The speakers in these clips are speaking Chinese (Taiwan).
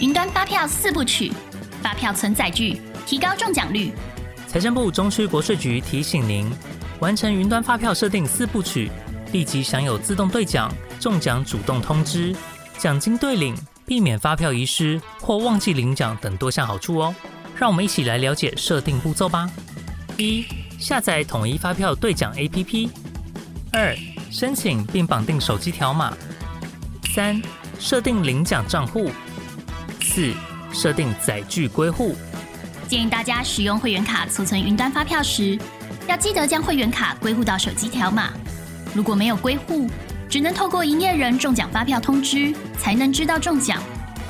雲端發票四部曲，發票存載具，提高中獎率。財政部中區國稅局提醒您，完成雲端發票設定四部曲，立即享有自動對獎、中獎主動通知、獎金兌領、避免發票遺失或忘記領獎等多項好處喔。讓我們一起來了解設定步驟吧：一、下載統一發票兌獎 APP；二、申請並綁定手機條碼；三、設定領獎賬戶。四，設定載具歸戶。建議大家使用會員卡儲存雲端發票時，要記得將會員卡歸戶到手機條碼。如果沒有歸戶，只能透過營業人中獎發票通知才能知道中獎。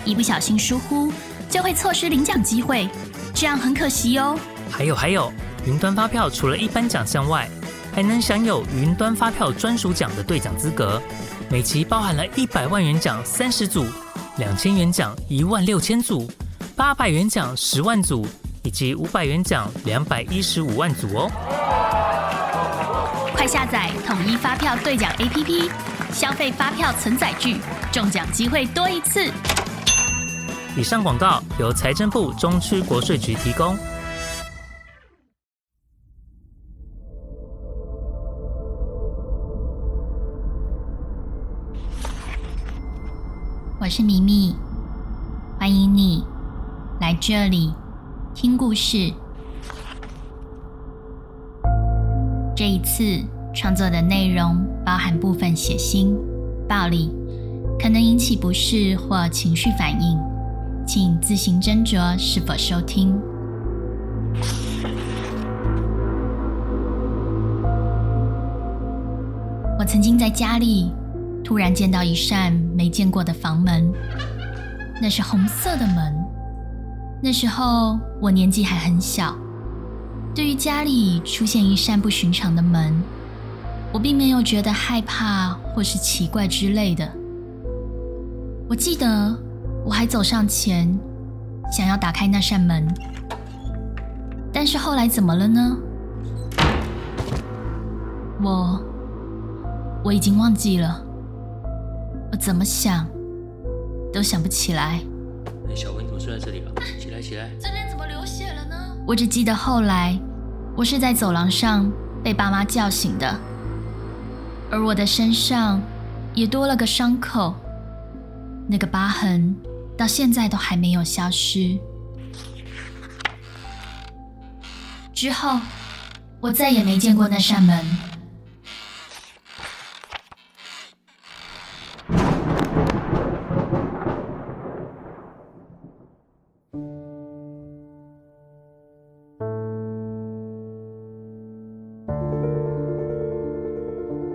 一不小心疏忽，就會錯失領獎機會，這樣很可惜哦。還有還有，雲端發票除了一般獎項外，還能享有雲端發票專屬獎的兌獎資格。每期包含了一百萬元獎三十組。兩千元獎一萬六千組，八百元獎十萬組，以及五百元獎兩百一十五萬組哦！快下載統一發票兌獎 APP，消費發票存載具，中獎機會多一次。以上廣告由財政部中區國稅局提供。米米，歡迎你來這裡聽故事。這一次創作的內容包含部分血腥、暴力，可能引起不適或情緒反應，請自行斟酌是否收聽。我曾經在家裡。突然見到一扇沒見過的房門，那是紅色的門。那時候我年紀還很小，對於家裡出現一扇不尋常的門，我並沒有覺得害怕或是奇怪之類的。我記得我還走上前，想要打開那扇門，但是後來怎麼了呢？我，我已經忘記了。怎麼想都想不起來。小文，你怎麼睡在這裡了？哎、起來，起來！這邊怎麼流血了呢？我只記得後來，我是在走廊上被爸媽叫醒的，而我的身上也多了個傷口，那個疤痕到現在都還沒有消失。之後，我再也沒見過那扇門。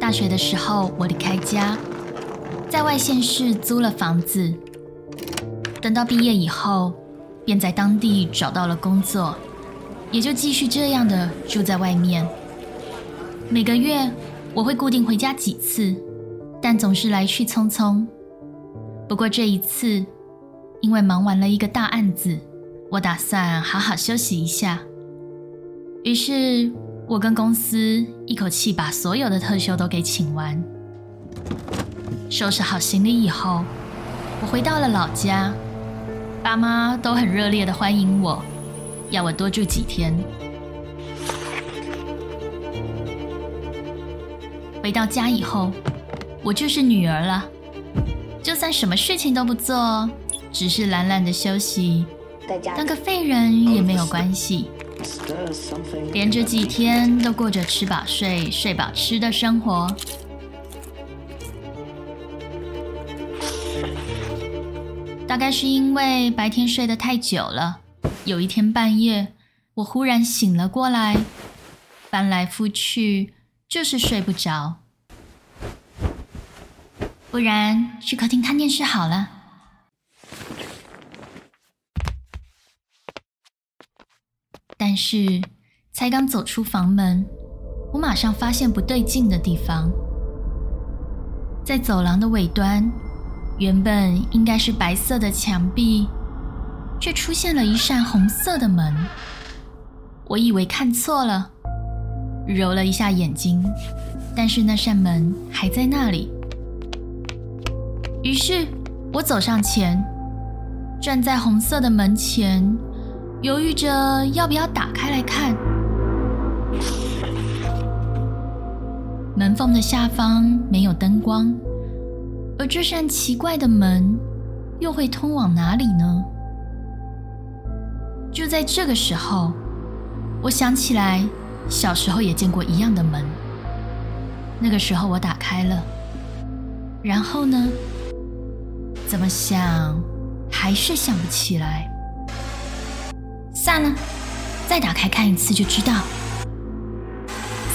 大學的時候，我離開家，在外縣市租了房子。等到畢業以後，便在當地找到了工作，也就繼續這樣的住在外面。每個月我會固定回家幾次，但總是來去匆匆。不過這一次，因為忙完了一個大案子，我打算好好休息一下。於是，我跟公司一口氣把所有的特休都給請完，收拾好行李以後，我回到了老家，爸媽都很熱烈的歡迎我，要我多住幾天。回到家以後，我就是女兒了，就算什麼事情都不做，只是懶懶的休息，在家當個廢人也沒有關係。連着幾天都過着吃飽睡、睡飽吃的生活，大概是因為白天睡得太久了。有一天半夜，我忽然醒了過來，翻來覆去就是睡不着。不然去客廳看電視好了。但是，才剛走出房門，我馬上發現不對勁的地方。在走廊的尾端，原本應該是白色的牆壁，卻出現了一扇紅色的門。我以為看錯了，揉了一下眼睛，但是那扇門還在那裡。於是，我走上前，站在紅色的門前。猶豫着要不要打開來看，門縫的下方沒有燈光，而這扇奇怪的門又會通往哪裡呢？就在這個時候，我想起來小時候也見過一樣的門，那個時候我打開了，然後呢？怎麼想還是想不起來。算了，再打開看一次就知道。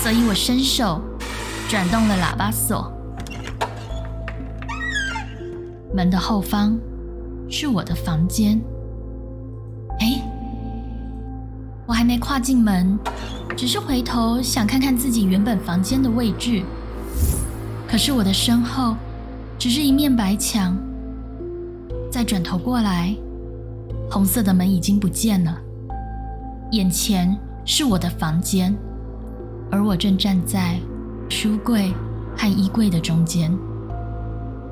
所以我伸手轉動了喇叭鎖，門的後方是我的房間。哎，我還沒跨進門，只是回頭想看看自己原本房間的位置，可是我的身後只是一面白牆。再轉頭過來，紅色的門已經不見了。眼前是我的房間，而我正站在書櫃和衣櫃的中間。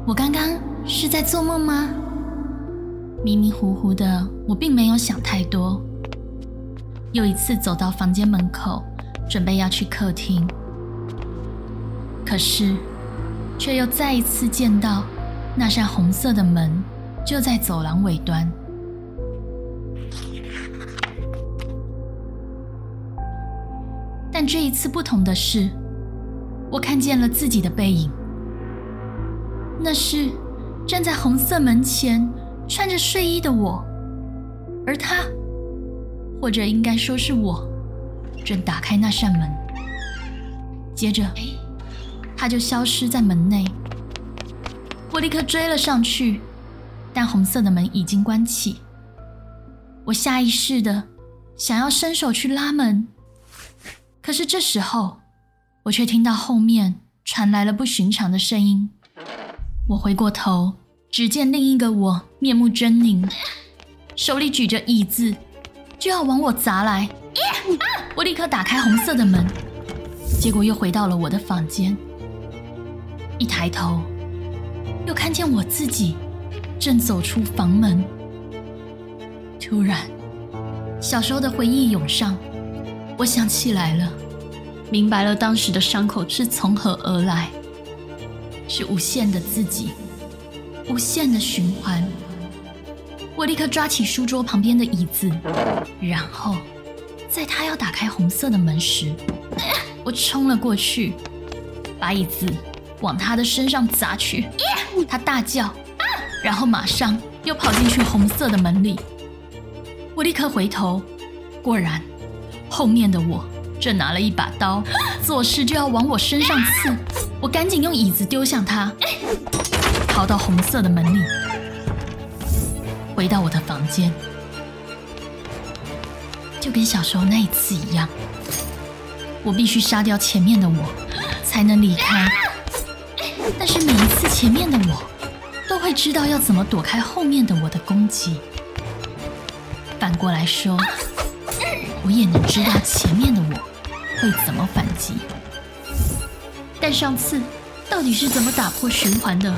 我剛剛是在做夢嗎？迷迷糊糊的，我並沒有想太多。又一次走到房間門口，準備要去客廳，可是卻又再一次見到那扇紅色的門，就在走廊尾端。但這一次不同的是，我看見了自己的背影，那是站在紅色門前穿着睡衣的我，而他，或者應該說是我，正打開那扇門。接着，他就消失在門內。我立刻追了上去，但紅色的門已經關起。我下意識的想要伸手去拉門。可是這時候，我卻聽到後面傳來了不尋常的聲音。我回過頭，只見另一個我面目猙獰，手裡舉着椅子，就要往我砸來。我立刻打開紅色的門，結果又回到了我的房間。一抬頭，又看見我自己正走出房門。突然，小時候的回憶湧上。我想起來了，明白了當時的傷口是從何而來，是無限的自己，無限的循環。我立刻抓起書桌旁邊的椅子，然後在他要打開紅色的門時，我衝了過去，把椅子往他的身上砸去。他大叫，然後馬上又跑進去紅色的門裡。我立刻回頭，果然。後面的我正拿了一把刀，作勢，就要往我身上刺，我趕緊用椅子丟向他，逃到紅色的門裡，回到我的房間，就跟小時候那一次一樣，我必須殺掉前面的我才能離開。但是每一次前面的我都會知道要怎麼躲開後面的我的攻擊。反過來說，我也能知道前面的我會怎麼反擊，但上次到底是怎麼打破循環的，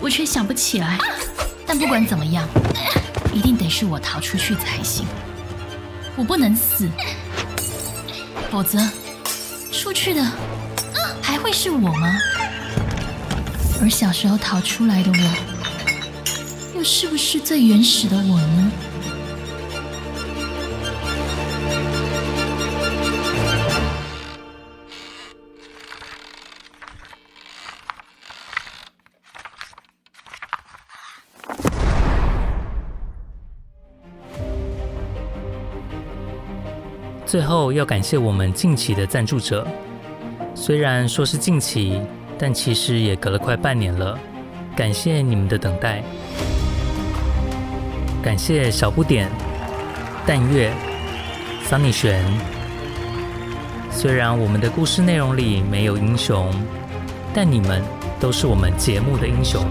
我卻想不起來。但不管怎麼樣，一定得是我逃出去才行。我不能死，否則出去的還會是我嗎？而小時候逃出來的我，又是不是最原始的我呢？最後要感謝我們近期的贊助者，雖然說是近期，但其實也隔了快半年了。感謝你們的等待，感謝小布點、淡月、Sunny 璿。雖然我們的故事內容裡沒有英雄，但你們都是我們節目的英雄。